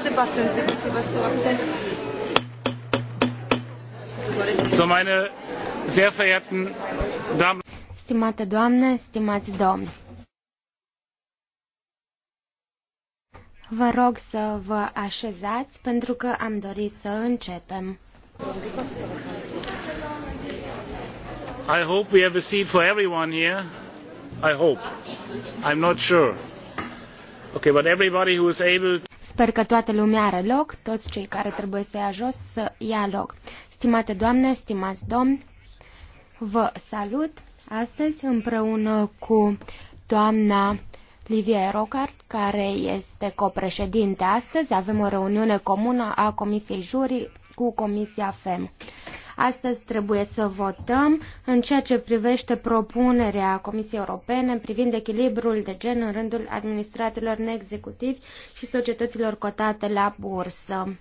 all the buttons so meine sehr verehrten Damen. Stimate doamne, stimați domni. Vă rog să vă așezați pentru că am dorit să începem. I hope we have a seat for everyone here. I hope. I'm not sure. Okay, but everybody who is able Sper că toată lumea are loc, toți cei care trebuie să ia jos să ia loc. Stimate doamne, stimați domni, vă salut astăzi împreună cu doamna Livia Rocard, care este copreședinte astăzi. Avem o reuniune comună a Comisiei Jurii cu Comisia FEM. Astăzi trebuie să votăm în ceea ce privește propunerea Comisiei Europene privind echilibrul de gen în rândul administratorilor neexecutivi și societăților cotate la bursă.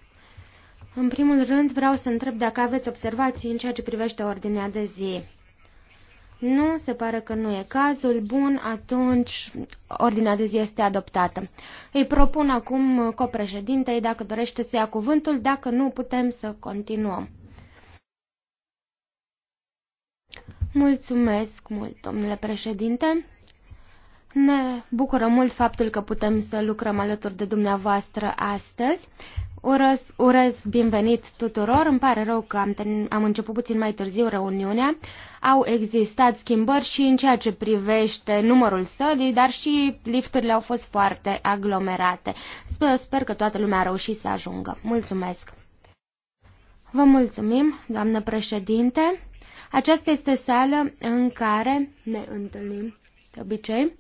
În primul rând vreau să întreb dacă aveți observații în ceea ce privește ordinea de zi. Nu, se pare că nu e cazul. Bun, atunci ordinea de zi este adoptată. Îi propun acum copreședintei dacă dorește să ia cuvântul, dacă nu putem să continuăm. Mulțumesc mult, domnule președinte. Ne bucură mult faptul că putem să lucrăm alături de dumneavoastră astăzi. Urez, urez binevenit tuturor. Îmi pare rău că am, ten, am început puțin mai târziu reuniunea. Au existat schimbări și în ceea ce privește numărul sălii, dar și lifturile au fost foarte aglomerate. Sper, sper că toată lumea a reușit să ajungă. Mulțumesc! Vă mulțumim, doamnă președinte! Aceasta este sală în care ne întâlnim de obicei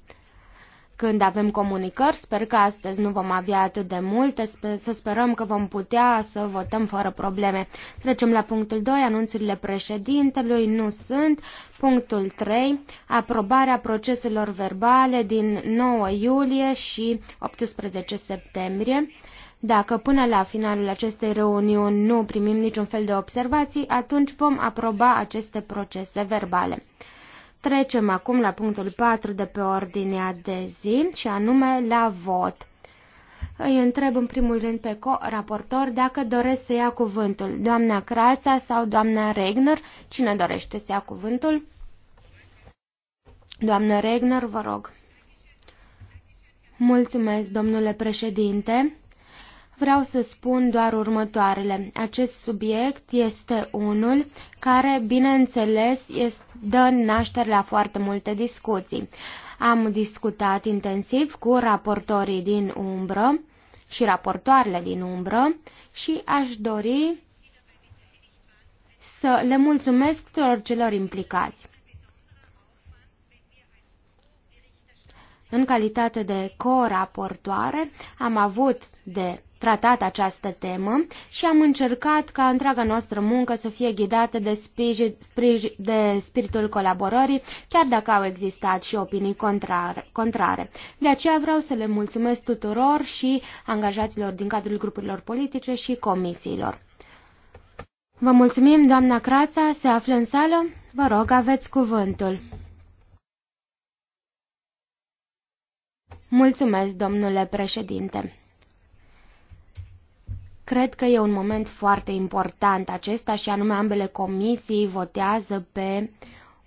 când avem comunicări. Sper că astăzi nu vom avea atât de multe, să sperăm că vom putea să votăm fără probleme. Trecem la punctul 2, anunțurile președintelui nu sunt. Punctul 3, aprobarea proceselor verbale din 9 iulie și 18 septembrie. Dacă până la finalul acestei reuniuni nu primim niciun fel de observații, atunci vom aproba aceste procese verbale. Trecem acum la punctul 4 de pe ordinea de zi și anume la vot. Îi întreb în primul rând pe co-raportor dacă doresc să ia cuvântul. Doamna Crața sau doamna Regner, cine dorește să ia cuvântul? Doamna Regner, vă rog. Mulțumesc, domnule președinte. Vreau să spun doar următoarele. Acest subiect este unul care, bineînțeles, este, dă naștere la foarte multe discuții. Am discutat intensiv cu raportorii din umbră și raportoarele din umbră și aș dori să le mulțumesc tuturor celor implicați. În calitate de co-raportoare am avut de tratat această temă și am încercat ca întreaga noastră muncă să fie ghidată de, spij, sprij, de spiritul colaborării, chiar dacă au existat și opinii contrare. De aceea vreau să le mulțumesc tuturor și angajaților din cadrul grupurilor politice și comisiilor. Vă mulțumim, doamna Crața, se află în sală? Vă rog, aveți cuvântul. Mulțumesc, domnule președinte. Cred că e un moment foarte important acesta și anume ambele comisii votează pe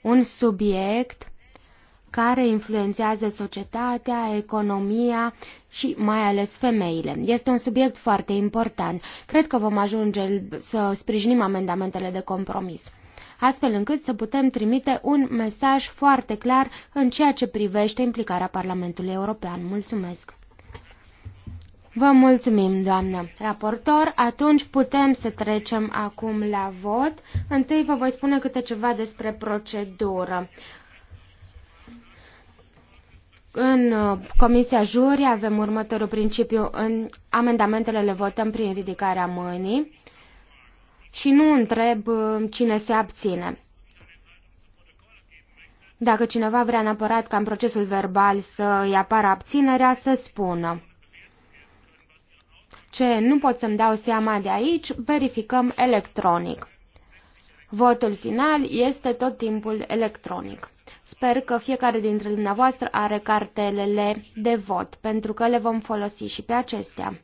un subiect care influențează societatea, economia și mai ales femeile. Este un subiect foarte important. Cred că vom ajunge să sprijinim amendamentele de compromis astfel încât să putem trimite un mesaj foarte clar în ceea ce privește implicarea Parlamentului European. Mulțumesc! Vă mulțumim, doamnă raportor. Atunci putem să trecem acum la vot. Întâi vă voi spune câte ceva despre procedură. În uh, Comisia jurii avem următorul principiu. În amendamentele le votăm prin ridicarea mâinii și nu întreb uh, cine se abține. Dacă cineva vrea neapărat ca în procesul verbal să îi apară abținerea, să spună ce nu pot să-mi dau seama de aici, verificăm electronic. Votul final este tot timpul electronic. Sper că fiecare dintre dumneavoastră are cartelele de vot, pentru că le vom folosi și pe acestea.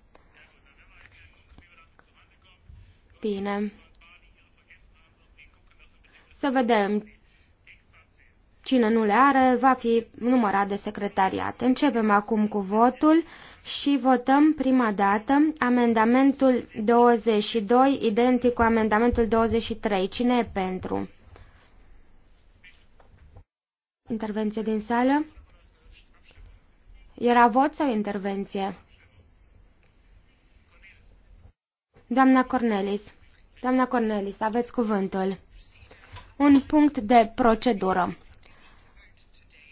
Bine. Să vedem Cine nu le are va fi numărat de secretariat. Începem acum cu votul și votăm prima dată amendamentul 22, identic cu amendamentul 23. Cine e pentru? Intervenție din sală? Era vot sau intervenție? Doamna Cornelis, doamna Cornelis, aveți cuvântul. Un punct de procedură.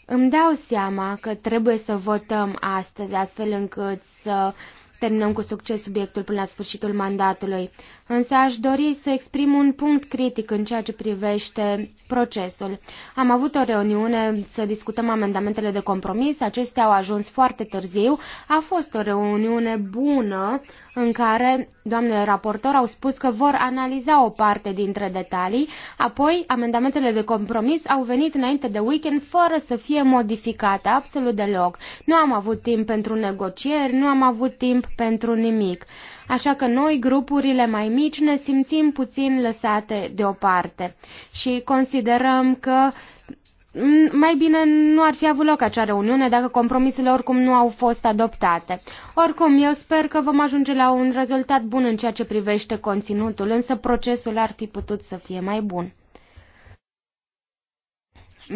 Îmi dau seama că trebuie să votăm astăzi, astfel încât să terminăm cu succes subiectul până la sfârșitul mandatului, însă aș dori să exprim un punct critic în ceea ce privește procesul. Am avut o reuniune să discutăm amendamentele de compromis, acestea au ajuns foarte târziu, a fost o reuniune bună în care doamnele raportor au spus că vor analiza o parte dintre detalii, apoi amendamentele de compromis au venit înainte de weekend fără să fie modificate absolut deloc. Nu am avut timp pentru negocieri, nu am avut timp pentru nimic. Așa că noi, grupurile mai mici, ne simțim puțin lăsate deoparte și considerăm că mai bine nu ar fi avut loc acea reuniune dacă compromisele oricum nu au fost adoptate. Oricum, eu sper că vom ajunge la un rezultat bun în ceea ce privește conținutul, însă procesul ar fi putut să fie mai bun.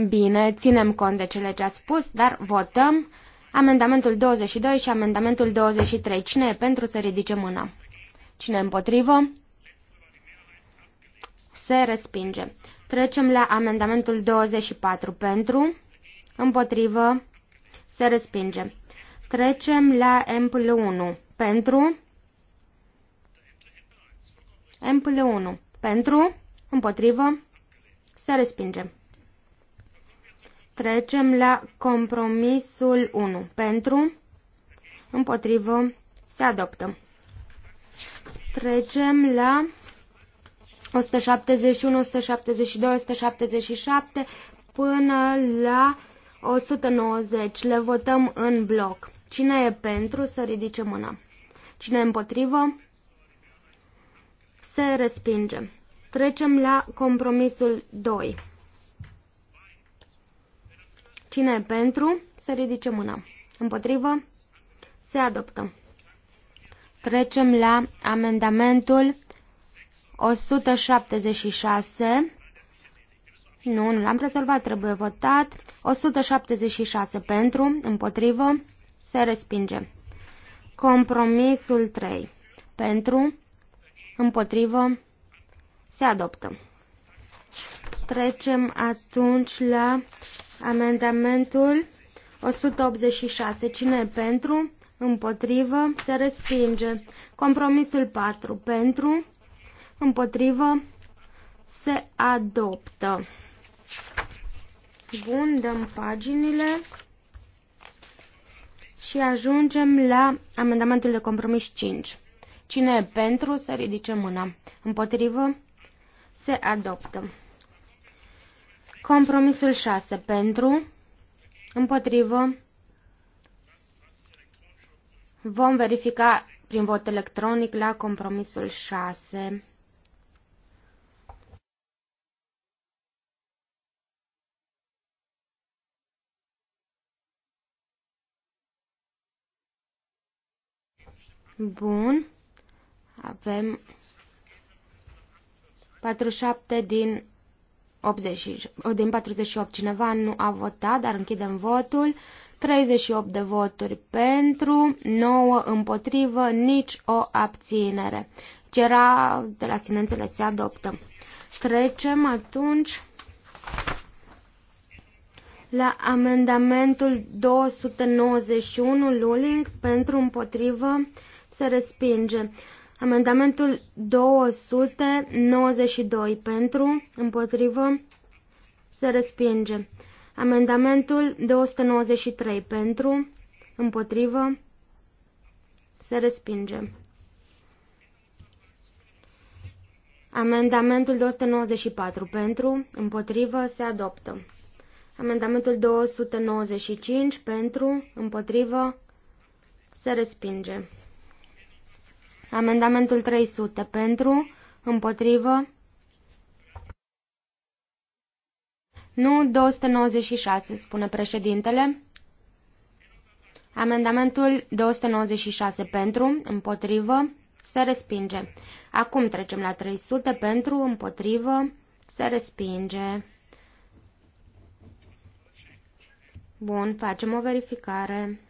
Bine, ținem cont de cele ce ați spus, dar votăm amendamentul 22 și amendamentul 23. Cine e pentru să ridice mâna? Cine împotrivă? Se respinge. Trecem la amendamentul 24 pentru, împotrivă, se respinge. Trecem la MPL1 pentru, MPL1 pentru, împotrivă, se respinge. Trecem la compromisul 1 pentru, împotrivă, se adoptă. Trecem la 171, 172, 177 până la 190. Le votăm în bloc. Cine e pentru să ridice mâna? Cine e împotrivă? Se respinge. Trecem la compromisul 2. Cine e pentru? Să ridice mâna. Împotrivă? Se adoptă. Trecem la amendamentul 176. Nu, nu l-am rezolvat, trebuie votat. 176 pentru, împotrivă, se respinge. Compromisul 3. Pentru, împotrivă, se adoptă. Trecem atunci la amendamentul 186. Cine e pentru? Împotrivă, se respinge. Compromisul 4. Pentru, împotrivă, se adoptă. Bun, dăm paginile și ajungem la amendamentul de compromis 5. Cine e pentru, să ridice mâna. Împotrivă, se adoptă. Compromisul 6. Pentru, împotrivă, vom verifica prin vot electronic la compromisul 6. Bun. Avem 47 din 80, din 48 cineva nu a votat, dar închidem votul. 38 de voturi pentru, 9 împotrivă, nici o abținere. Ce deci de la sine înțeles, se adoptă. Trecem atunci la amendamentul 291 Luling pentru împotrivă se respinge. Amendamentul 292 pentru, împotrivă, se respinge. Amendamentul 293 pentru, împotrivă, se respinge. Amendamentul 294 pentru, împotrivă, se adoptă. Amendamentul 295 pentru, împotrivă, se respinge. Amendamentul 300 pentru, împotrivă. Nu, 296, spune președintele. Amendamentul 296 pentru, împotrivă, se respinge. Acum trecem la 300 pentru, împotrivă, se respinge. Bun, facem o verificare.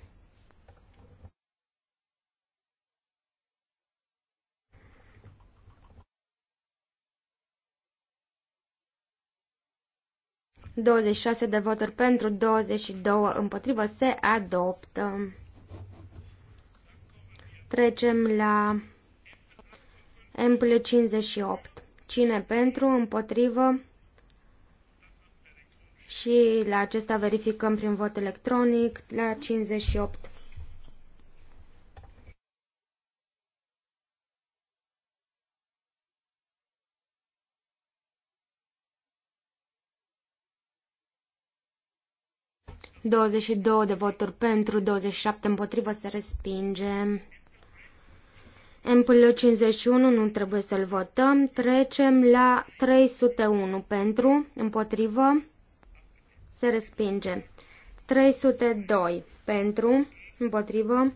26 de voturi pentru, 22 împotrivă, se adoptă. Trecem la Ample 58. Cine pentru, împotrivă și la acesta verificăm prin vot electronic la 58. 22 de voturi pentru, 27 împotrivă, se respinge. MPL 51 nu trebuie să-l votăm. Trecem la 301 pentru, împotrivă, se respinge. 302 pentru, împotrivă,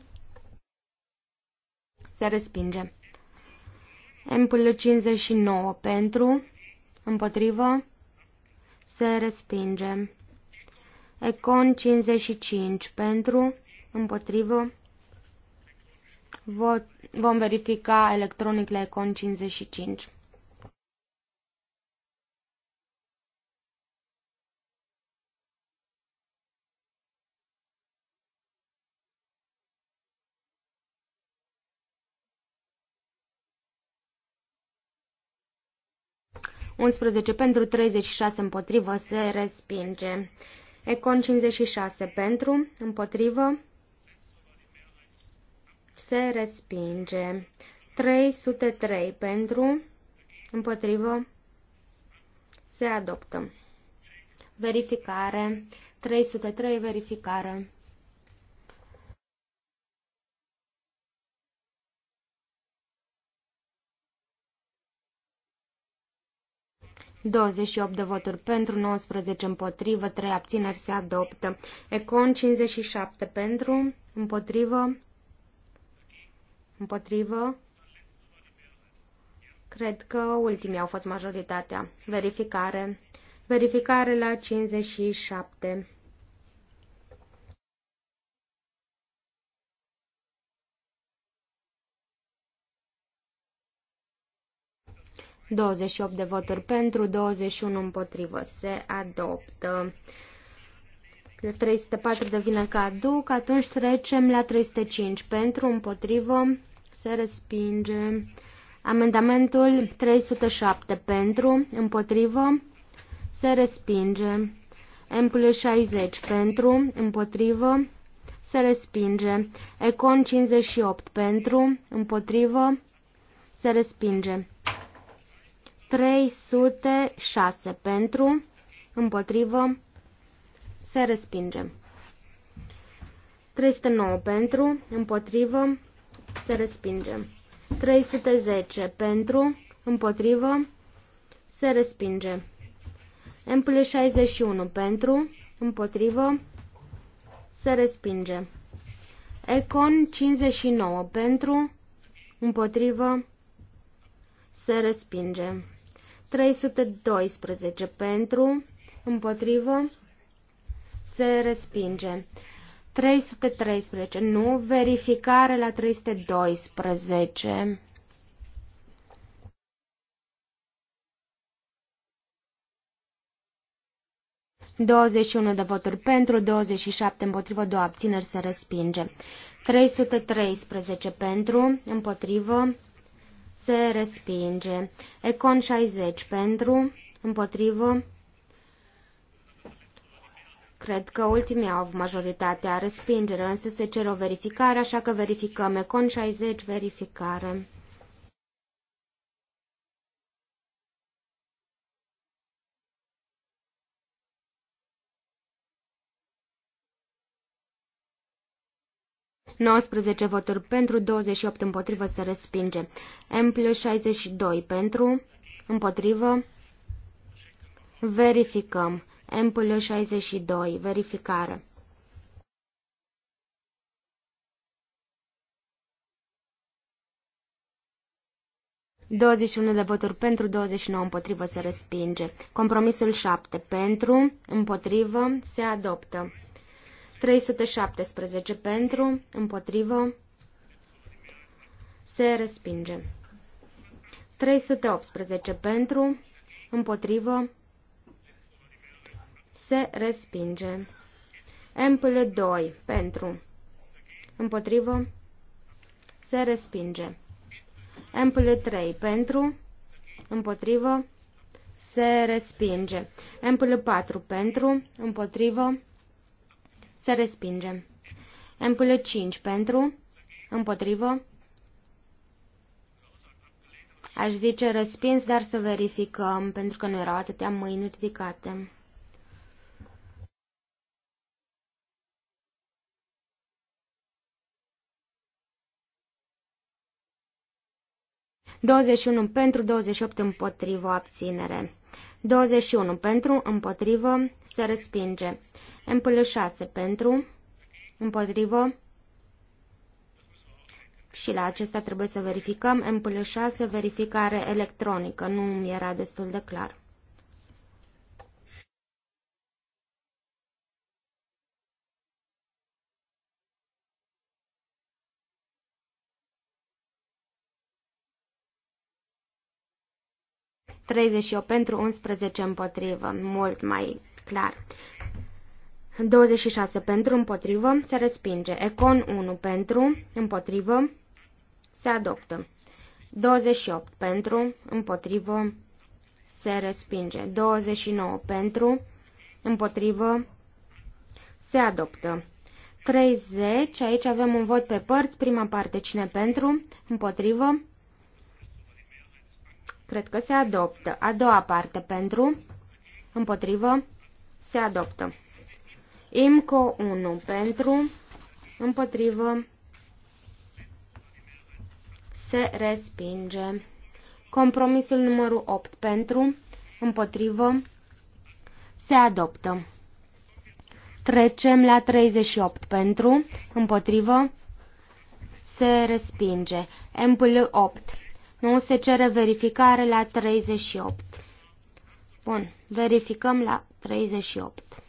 se respinge. MPL 59 pentru, împotrivă, se respinge. Econ 55 pentru, împotrivă. Vot, vom verifica electronic la Econ 55. Unsprezece pentru 36 împotrivă se respinge. Econ 56 pentru, împotrivă, se respinge. 303 pentru, împotrivă, se adoptă. Verificare. 303 verificare. 28 de voturi pentru, 19 împotrivă, 3 abțineri se adoptă. Econ 57 pentru, împotrivă, împotrivă. Cred că ultimii au fost majoritatea. Verificare. Verificare la 57. 28 de voturi pentru, 21 împotrivă. Se adoptă. 304 devine caduc, atunci trecem la 305. Pentru, împotrivă, se respinge. Amendamentul 307 pentru, împotrivă, se respinge. Empul 60 pentru, împotrivă, se respinge. Econ 58 pentru, împotrivă, se respinge. 306 pentru, împotrivă, se respinge. 309 pentru, împotrivă, se respinge. 310 pentru, împotrivă, se respinge. M 61 pentru, împotrivă, se respinge. Econ 59 pentru, împotrivă, se respinge. 312 pentru, împotrivă, se respinge. 313, nu, verificare la 312. ...21 de voturi pentru, 27 împotrivă, două abțineri se respinge. 313 pentru, împotrivă, se respinge. Econ 60 pentru, împotrivă. Cred că ultimii au majoritatea respingere, însă se cer o verificare, așa că verificăm Econ 60, verificare. 19 voturi pentru, 28 împotrivă se respinge. Ample 62 pentru, împotrivă. Verificăm. Ample 62. Verificare. de voturi pentru, 29 împotrivă se respinge. Compromisul 7 pentru, împotrivă, se adoptă. 317 pentru, împotrivă, se respinge. 318 pentru, împotrivă, se respinge. Ample 2 pentru, împotrivă, se respinge. Ample 3 pentru, împotrivă, se respinge. Ample 4 pentru, împotrivă, se respinge. Ampulă 5 pentru, împotrivă. Aș zice respins, dar să verificăm, pentru că nu erau atâtea mâini ridicate. Douăzeci unu pentru, douăzeci opt împotrivă, abținere. Douăzeci unu pentru, împotrivă, se respinge. MPL6 pentru, împotrivă, și la acesta trebuie să verificăm MPL6 verificare electronică, nu mi era destul de clar. Treizeci pentru 11 împotrivă, mult mai clar. 26 pentru, împotrivă, se respinge. Econ 1 pentru, împotrivă, se adoptă. 28 pentru, împotrivă, se respinge. 29 pentru, împotrivă, se adoptă. 30, aici avem un vot pe părți, prima parte cine pentru, împotrivă, cred că se adoptă. A doua parte pentru, împotrivă, se adoptă. IMCO 1 pentru, împotrivă, se respinge. Compromisul numărul 8 pentru, împotrivă, se adoptă. Trecem la 38 pentru, împotrivă, se respinge. MPL 8. Nu se cere verificare la 38. Bun, verificăm la 38.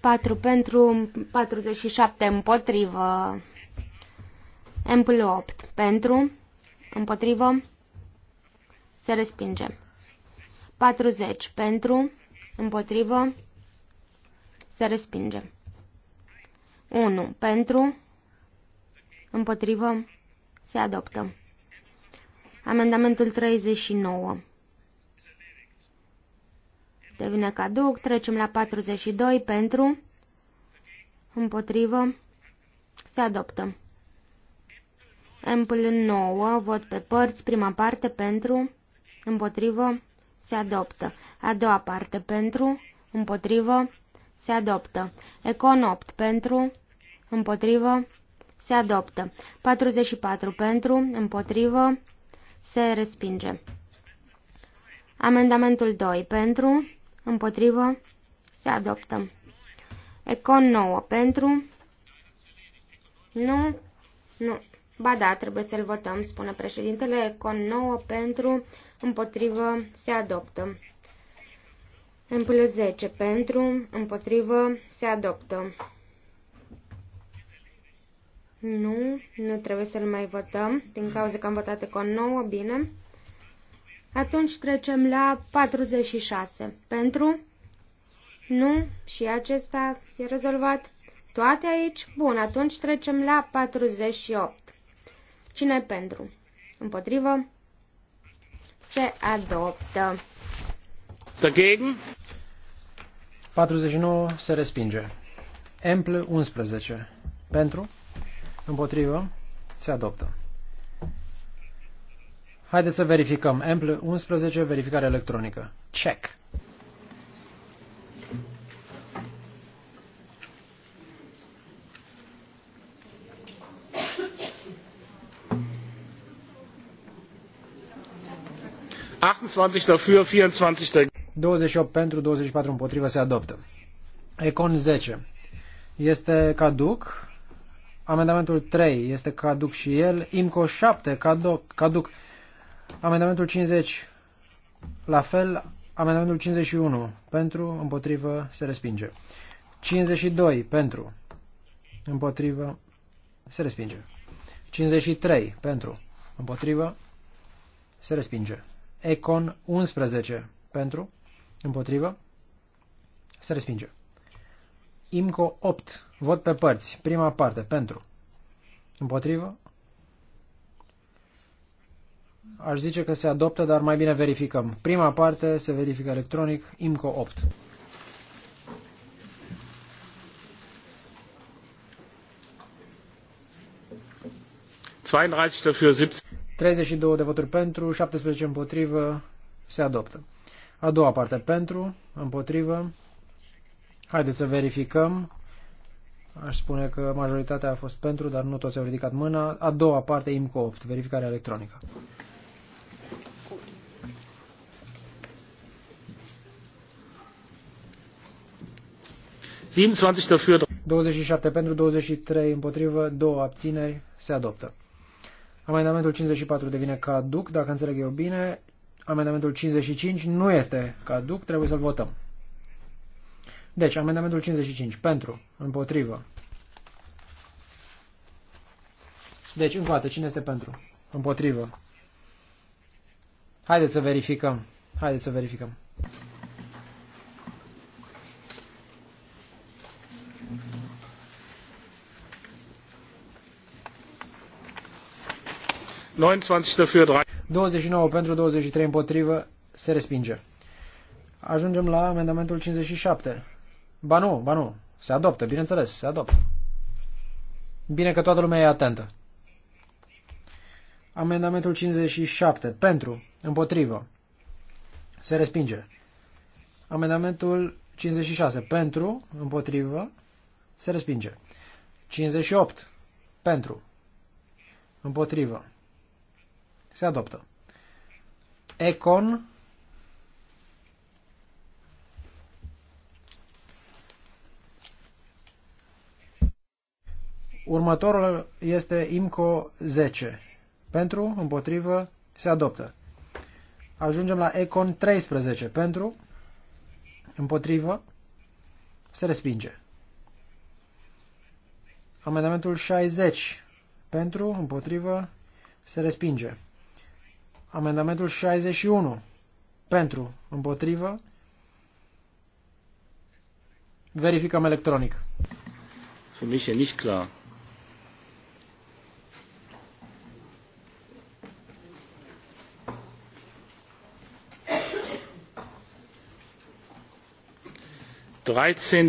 4 pentru, 47 împotrivă. Ample 8 pentru, împotrivă, se respinge. 40 pentru, împotrivă, se respinge. 1 pentru, împotrivă, se adoptă. Amendamentul 39 devine caduc. Trecem la 42 pentru, împotrivă, se adoptă. Ample 9, vot pe părți, prima parte pentru, împotrivă, se adoptă. A doua parte pentru, împotrivă, se adoptă. Econ 8 pentru, împotrivă, se adoptă. 44 pentru, împotrivă, se respinge. Amendamentul 2 pentru, Împotrivă. Se adoptă. Econ 9 pentru. Nu. Nu. Ba da, trebuie să-l votăm, spune președintele. Econ 9 pentru. Împotrivă. Se adoptă. În plus 10 pentru. Împotrivă. Se adoptă. Nu, nu trebuie să-l mai votăm, din cauza că am votat Econ 9, bine. Atunci trecem la 46. Pentru? Nu? Și acesta e rezolvat? Toate aici? Bun, atunci trecem la 48. Cine pentru? Împotrivă? Se adoptă. Dagegen? 49 se respinge. Emple 11. Pentru? Împotrivă? Se adoptă. Haideți să verificăm. Ampl 11, verificare electronică. Check. dafür, 24 28 pentru, 24 împotrivă se adoptă. Econ 10. Este caduc. Amendamentul 3 este caduc și el. IMCO 7 caduc. caduc. Amendamentul 50. La fel, amendamentul 51. Pentru, împotrivă, se respinge. 52. Pentru, împotrivă, se respinge. 53. Pentru, împotrivă, se respinge. Econ 11. Pentru, împotrivă, se respinge. IMCO 8. Vot pe părți. Prima parte. Pentru. Împotrivă aș zice că se adoptă, dar mai bine verificăm. Prima parte se verifică electronic, IMCO 8. Dafür, 32 de voturi pentru, 17 împotrivă, se adoptă. A doua parte pentru, împotrivă. Haideți să verificăm. Aș spune că majoritatea a fost pentru, dar nu toți au ridicat mâna. A doua parte, IMCO 8, verificarea electronică. 27 dafür. 27 pentru, 23 împotrivă, 2 abțineri, se adoptă. Amendamentul 54 devine caduc, dacă înțeleg eu bine. Amendamentul 55 nu este caduc, trebuie să-l votăm. Deci, amendamentul 55, pentru, împotrivă. Deci, încă o dată, cine este pentru? Împotrivă. Haideți să verificăm. Haideți să verificăm. 29 pentru 23 împotrivă se respinge. Ajungem la amendamentul 57. Ba nu, ba nu. Se adoptă, bineînțeles, se adoptă. Bine că toată lumea e atentă. Amendamentul 57. Pentru. Împotrivă. Se respinge. Amendamentul 56. Pentru. Împotrivă. Se respinge. 58. Pentru. Împotrivă. Se adoptă. Econ Următorul este IMCO 10. Pentru, împotrivă, se adoptă. Ajungem la Econ 13. Pentru, împotrivă, se respinge. Amendamentul 60. Pentru, împotrivă, se respinge. Amendamentul 61. Pentru. Împotrivă. Verificăm electronic. Für e, nici clar.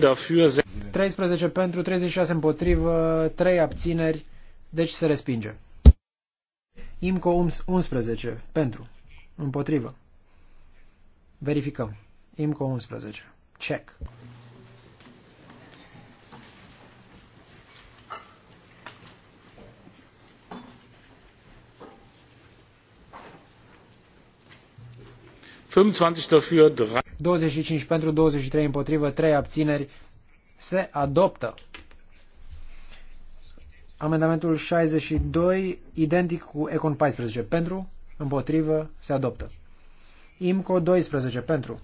Dafür, 13 pentru, 36 împotrivă, 3 abțineri, deci se respinge. IMCO 11. Pentru. Împotrivă. Verificăm. IMCO 11. Check. dafür, 25 pentru, 23 împotrivă, 3 abțineri. Se adoptă. Amendamentul 62, identic cu Econ 14. Pentru, împotrivă, se adoptă. IMCO 12. Pentru,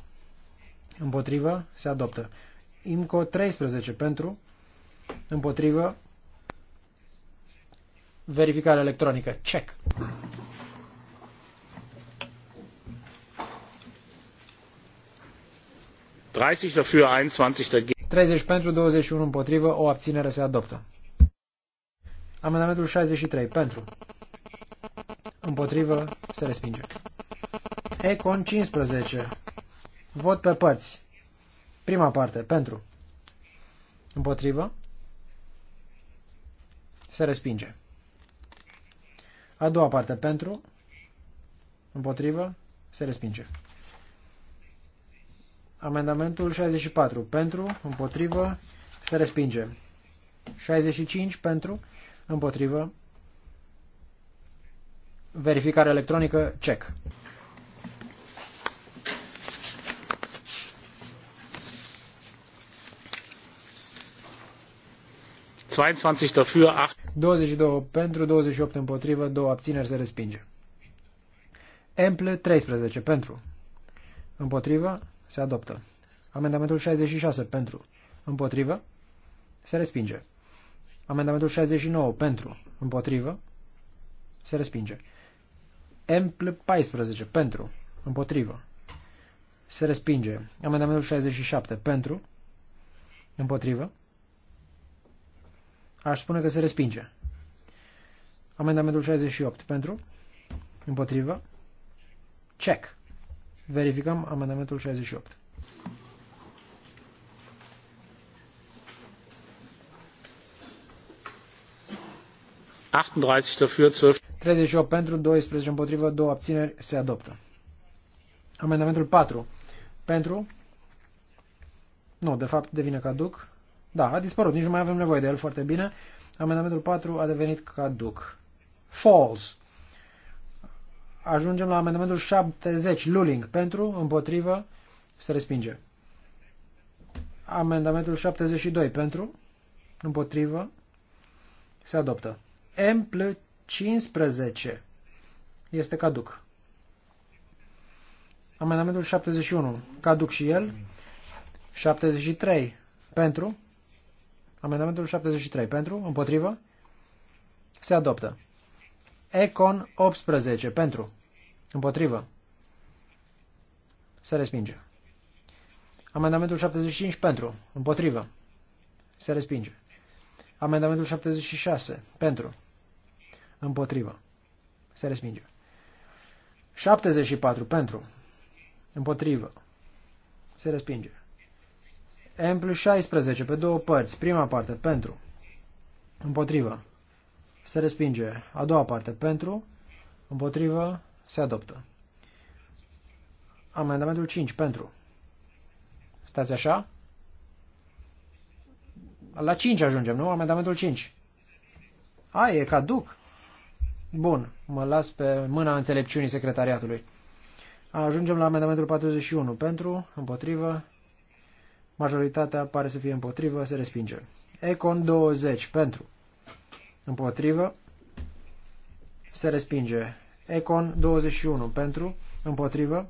împotrivă, se adoptă. IMCO 13. Pentru, împotrivă, verificare electronică. Check. dafür, 21 dagegen. 30 pentru, 21 împotrivă, o abținere se adoptă. Amendamentul 63. Pentru. Împotrivă. Se respinge. Econ 15. Vot pe părți. Prima parte. Pentru. Împotrivă. Se respinge. A doua parte. Pentru. Împotrivă. Se respinge. Amendamentul 64. Pentru. Împotrivă. Se respinge. 65. Pentru. Împotrivă. Verificare electronică. Check. dafür, 22 pentru, 28 împotrivă, 2 abțineri se respinge. Emple 13 pentru. Împotrivă se adoptă. Amendamentul 66 pentru. Împotrivă se respinge. Amendamentul 69 pentru, împotrivă, se respinge. m 14 pentru, împotrivă, se respinge. Amendamentul 67 pentru, împotrivă, aș spune că se respinge. Amendamentul 68 pentru, împotrivă, check. Verificăm amendamentul 68. 38 dafür, 12. 38 pentru, 12 împotrivă, 2 abțineri se adoptă. Amendamentul 4. Pentru. Nu, de fapt devine caduc. Da, a dispărut, nici nu mai avem nevoie de el foarte bine. Amendamentul 4 a devenit caduc. False. Ajungem la amendamentul 70, Luling. Pentru, împotrivă, se respinge. Amendamentul 72, pentru, împotrivă, se adoptă. Emple 15 este caduc. Amendamentul 71, caduc și el. 73, pentru. Amendamentul 73, pentru, împotrivă. Se adoptă. Econ 18, pentru, împotrivă. Se respinge. Amendamentul 75, pentru, împotrivă. Se respinge. Amendamentul 76, pentru, Împotrivă. Se respinge. 74 pentru. Împotrivă. Se respinge. M plus 16 pe două părți. Prima parte pentru. Împotrivă. Se respinge. A doua parte pentru. Împotrivă. Se adoptă. Amendamentul 5 pentru. Stați așa? La 5 ajungem, nu? Amendamentul 5. A, e caduc. Bun, mă las pe mâna înțelepciunii secretariatului. Ajungem la amendamentul 41. Pentru, împotrivă, majoritatea pare să fie împotrivă, se respinge. Econ 20. Pentru, împotrivă, se respinge. Econ 21. Pentru, împotrivă,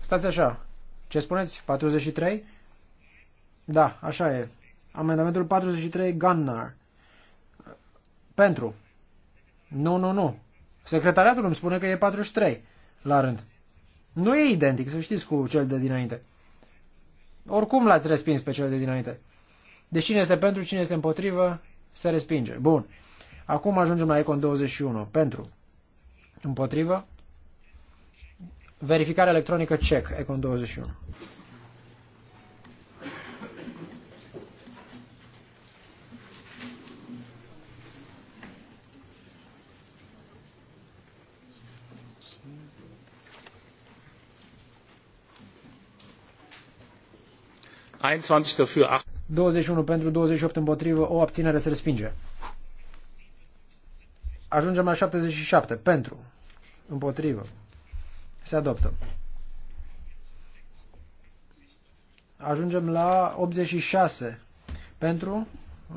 Stați așa. Ce spuneți? 43? Da, așa e. Amendamentul 43, Gunnar. Pentru. Nu, nu, nu. Secretariatul îmi spune că e 43 la rând. Nu e identic, să știți, cu cel de dinainte. Oricum l-ați respins pe cel de dinainte. Deci cine este pentru, cine este împotrivă, se respinge. Bun. Acum ajungem la Econ 21. Pentru. Împotrivă. Verificare electronică check. Econ 21. 21 dafür, 8. 21 pentru, 28 împotrivă, o abținere se respinge. Ajungem la 77. Pentru. Împotrivă. Se adoptă. Ajungem la 86. Pentru.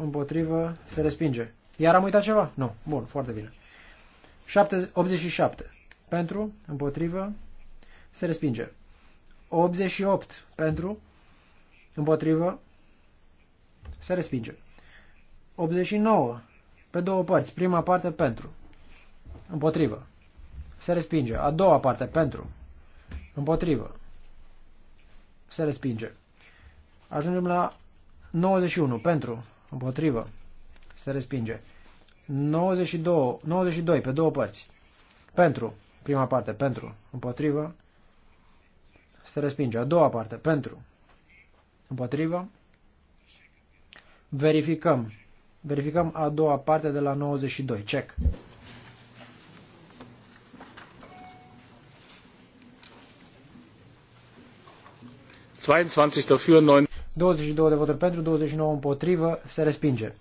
Împotrivă. Se respinge. Iar am uitat ceva? Nu. Bun. Foarte bine. 7, 87. Pentru. Împotrivă. Se respinge. 88. Pentru. Împotrivă. Se respinge. 89. Pe două părți. Prima parte pentru. Împotrivă. Se respinge. A doua parte pentru. Împotrivă. Se respinge. Ajungem la 91. Pentru. Împotrivă. Se respinge. 92, 92 pe două părți. Pentru. Prima parte. Pentru. Împotrivă. Se respinge. A doua parte. Pentru. Împotrivă. Verificăm. Verificăm a doua parte de la 92. Check. Dafür, 9... 22 de voturi pentru, 29 împotrivă, se respinge.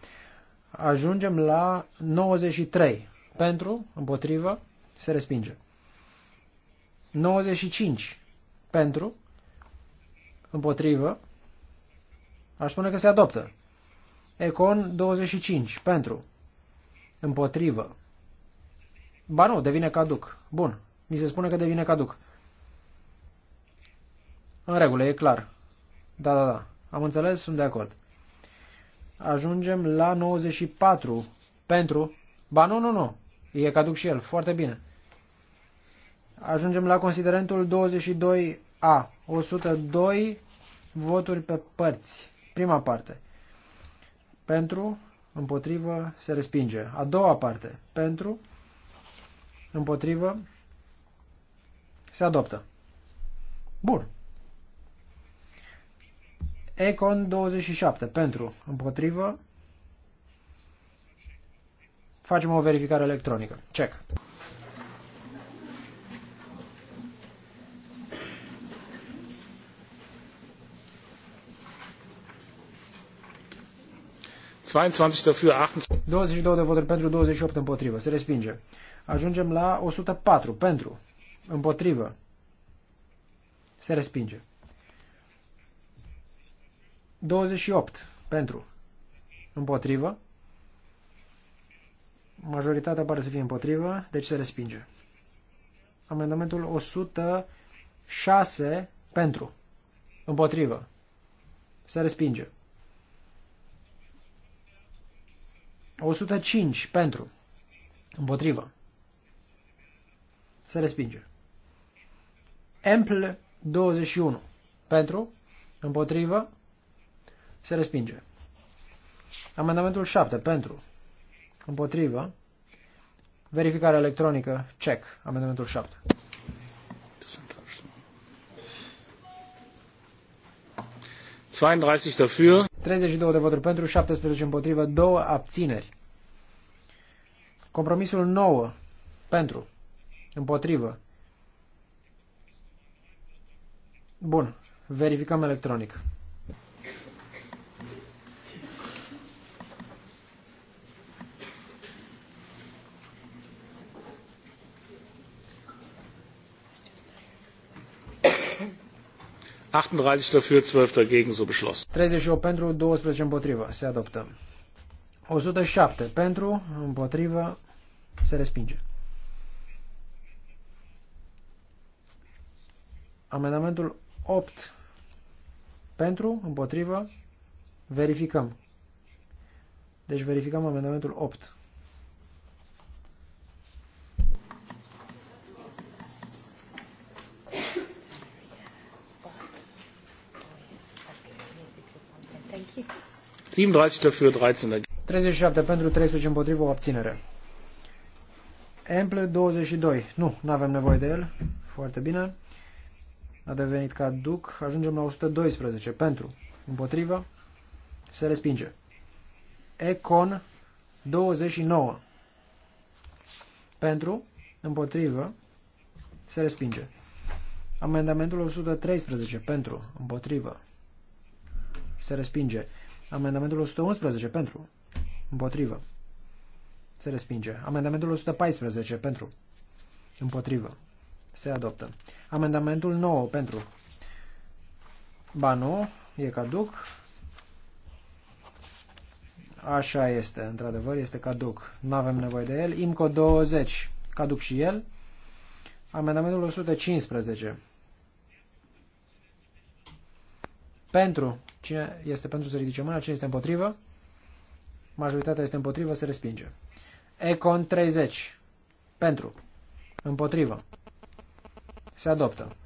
Ajungem la 93. Pentru, împotrivă, se respinge. 95. Pentru, împotrivă, Aș spune că se adoptă. Econ 25. Pentru. Împotrivă. Ba nu, devine caduc. Bun. Mi se spune că devine caduc. În regulă, e clar. Da, da, da. Am înțeles, sunt de acord. Ajungem la 94. Pentru. Ba nu, nu, nu. E caduc și el. Foarte bine. Ajungem la considerentul 22A. 102 voturi pe părți. Prima parte. Pentru, împotrivă, se respinge. A doua parte. Pentru, împotrivă, se adoptă. Bun. Econ 27. Pentru, împotrivă, facem o verificare electronică. Check. 22 dafür, 28. 22 de voturi pentru, 28 împotrivă. Se respinge. Ajungem la 104 pentru, împotrivă. Se respinge. 28 pentru, împotrivă. Majoritatea pare să fie împotrivă, deci se respinge. Amendamentul 106 pentru, împotrivă. Se respinge. 105 pentru. Împotrivă. Se respinge. Ample 21 pentru. Împotrivă. Se respinge. Amendamentul 7 pentru. Împotrivă. Verificare electronică. Check. Amendamentul 7. Zweiunddreißig dafür. 32 de voturi pentru, 17 împotrivă, 2 abțineri. Compromisul 9 pentru, împotrivă. Bun, verificăm electronic. 38 dafür, 12 dagegen, so beschlossen. 38 pentru, 12 împotrivă. Se adoptă. 107 pentru, împotrivă, se respinge. Amendamentul 8 pentru, împotrivă, verificăm. Deci verificăm amendamentul 8. 37 dafür, 13 dagegen. 37 pentru, 13 împotrivă, o abținere. Ample 22. Nu, nu avem nevoie de el. Foarte bine. A devenit duc. Ajungem la 112. Pentru. Împotrivă. Se respinge. Econ 29. Pentru. Împotrivă. Se respinge. Amendamentul 113. Pentru. Împotrivă. Se respinge. Amendamentul 111 pentru. Împotrivă. Se respinge. Amendamentul 114 pentru. Împotrivă. Se adoptă. Amendamentul 9 pentru. Ba nu, e caduc. Așa este, într-adevăr, este caduc. Nu avem nevoie de el. IMCO 20, caduc și el. Amendamentul 115 Pentru. Cine este pentru să ridice mâna? Cine este împotrivă? Majoritatea este împotrivă, se respinge. Econ 30. Pentru. Împotrivă. Se adoptă.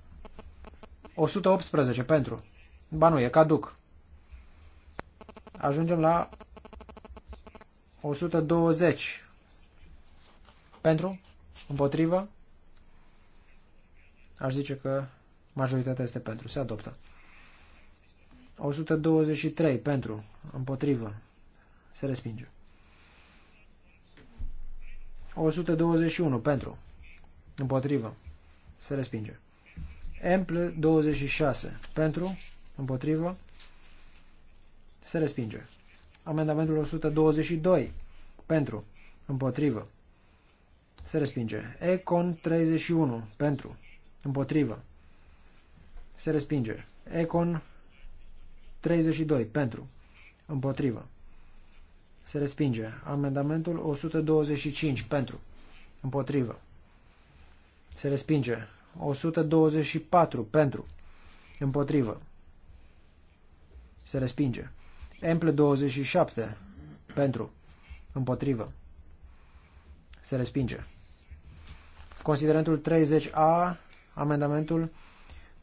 118. Pentru. Ba nu, e caduc. Ajungem la 120. Pentru. Împotrivă. Aș zice că majoritatea este pentru. Se adoptă. 123 pentru, împotrivă, se respinge. 121 pentru, împotrivă, se respinge. Ample 26 pentru, împotrivă, se respinge. Amendamentul 122 pentru, împotrivă, se respinge. Econ 31 pentru, împotrivă, se respinge. Econ 32. Pentru. Împotrivă. Se respinge. Amendamentul 125. Pentru. Împotrivă. Se respinge. 124. Pentru. Împotrivă. Se respinge. Emple 27. Pentru. Împotrivă. Se respinge. Considerentul 30A, amendamentul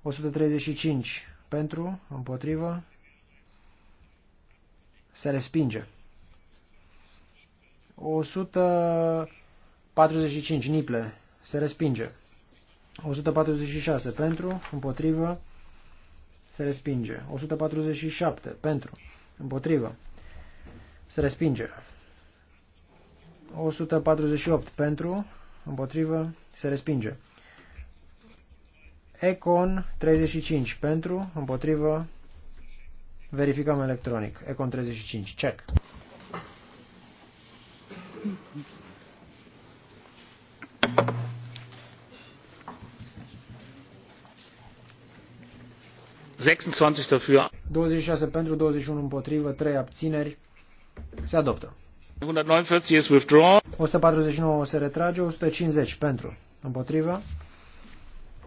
135. Pentru, împotrivă, se respinge. 145 niple. Se respinge. 146 pentru, împotrivă, se respinge. 147 pentru, împotrivă, se respinge. 148 pentru, împotrivă, se respinge. Econ 35 pentru, împotrivă, Verificăm electronic. Econ 35. Check. dafür. 26 pentru, 21 împotrivă, 3 abțineri. Se adoptă. 149 se retrage, 150 pentru, împotrivă.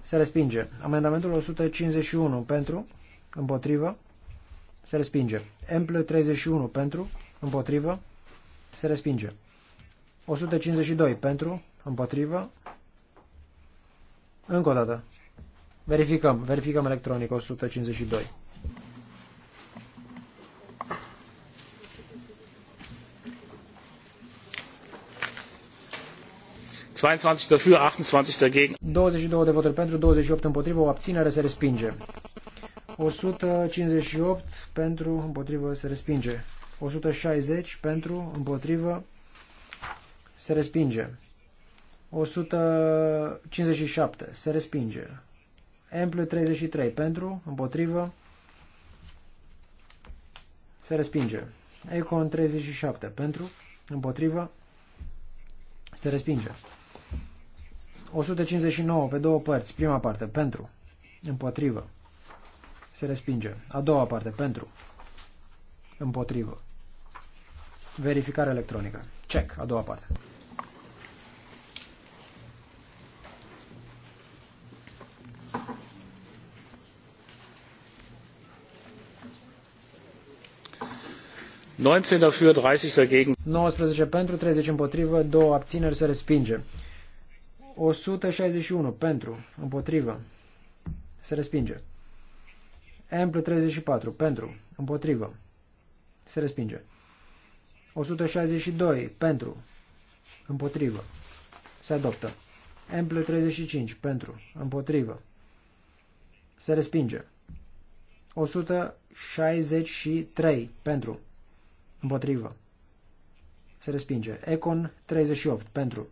Se respinge. Amendamentul 151 pentru, împotrivă. Se respinge. Emple 31 pentru, împotrivă, se respinge. 152 pentru, împotrivă. Încă o dată. Verificăm, verificăm electronic 152. dafür, 28 dagegen. 22 de voturi pentru, 28 împotrivă, o abținere se respinge. 158 pentru, împotrivă, se respinge. 160 pentru, împotrivă, se respinge. 157 se respinge. Emple 33 pentru, împotrivă, se respinge. Econ 37 pentru, împotrivă, se respinge. 159 pe două părți, prima parte, pentru, împotrivă, se respinge. A doua parte. Pentru. Împotrivă. Verificare electronică. Check. A doua parte. neunzehn dafür 30 dagegen. pentru 30 împotrivă două abțineri se respinge. 161 pentru împotrivă se respinge. Ample 34. Pentru. Împotrivă. Se respinge. 162. Pentru. Împotrivă. Se adoptă. Ample 35. Pentru. Împotrivă. Se respinge. 163. Pentru. Împotrivă. Se respinge. Econ 38. Pentru.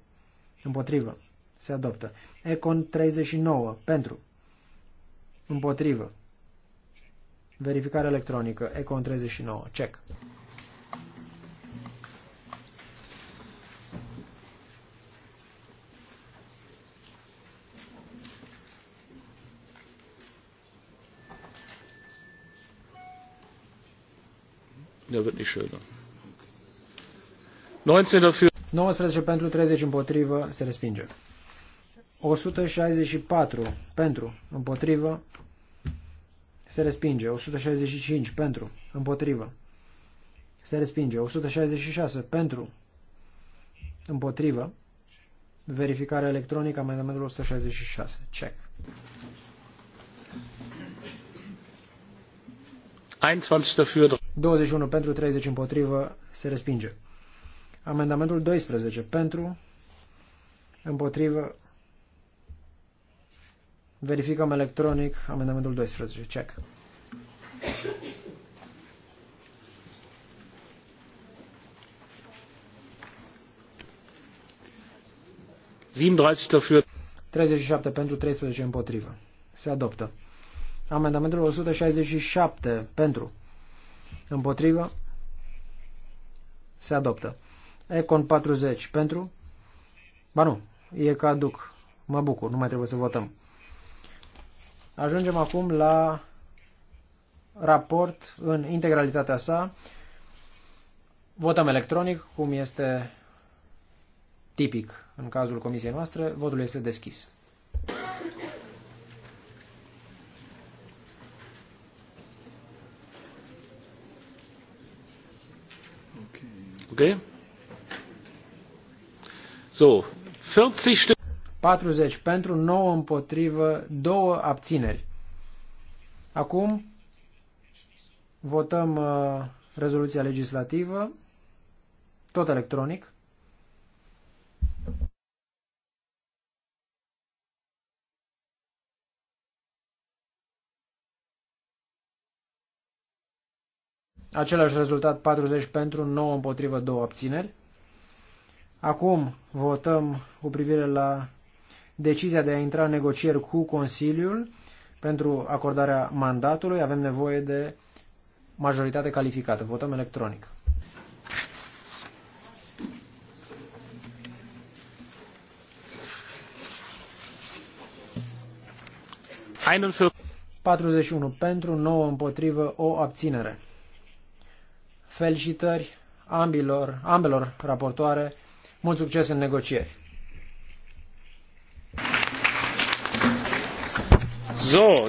Împotrivă. Se adoptă. Econ 39. Pentru. Împotrivă. Verificare electronică, Econ 39, check. Der wird nicht schöner. dafür. 19 pentru 30 împotrivă se respinge. 164 pentru împotrivă se respinge. 165 pentru. Împotrivă. Se respinge. 166 pentru. Împotrivă. Verificare electronică amendamentul 166. Check. 21 21 pentru, 30 împotrivă, se respinge. Amendamentul 12 pentru, împotrivă, Verificăm electronic amendamentul 12. Check. dafür. 37 pentru, 13 împotrivă. Se adoptă. Amendamentul 167 pentru, împotrivă, se adoptă. Econ 40 pentru, ba nu, e caduc, mă bucur, nu mai trebuie să votăm. Ajungem acum la raport în integralitatea sa. Votăm electronic, cum este tipic în cazul comisiei noastre. Votul este deschis. Okay. So, 40 Stimmen. 40 pentru, 9 împotrivă, 2 abțineri. Acum votăm uh, rezoluția legislativă, tot electronic. Același rezultat, 40 pentru, 9 împotrivă, 2 abțineri. Acum votăm cu privire la decizia de a intra în negocieri cu Consiliul pentru acordarea mandatului. Avem nevoie de majoritate calificată. Votăm electronic. Ainul 41 pentru, 9 împotrivă, o abținere. Felicitări ambilor, ambelor raportoare, mult succes în negocieri.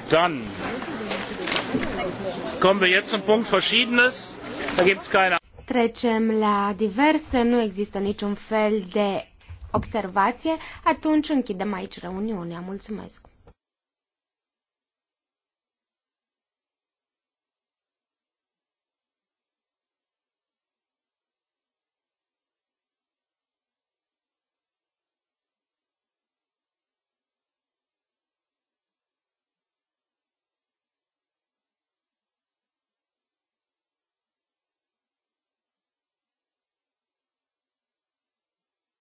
dann kommen wir jetzt zum Punkt Verschiedenes. Da keine. Trecem la diverse, nu există niciun fel de observație, atunci închidem aici reuniunea. Mulțumesc!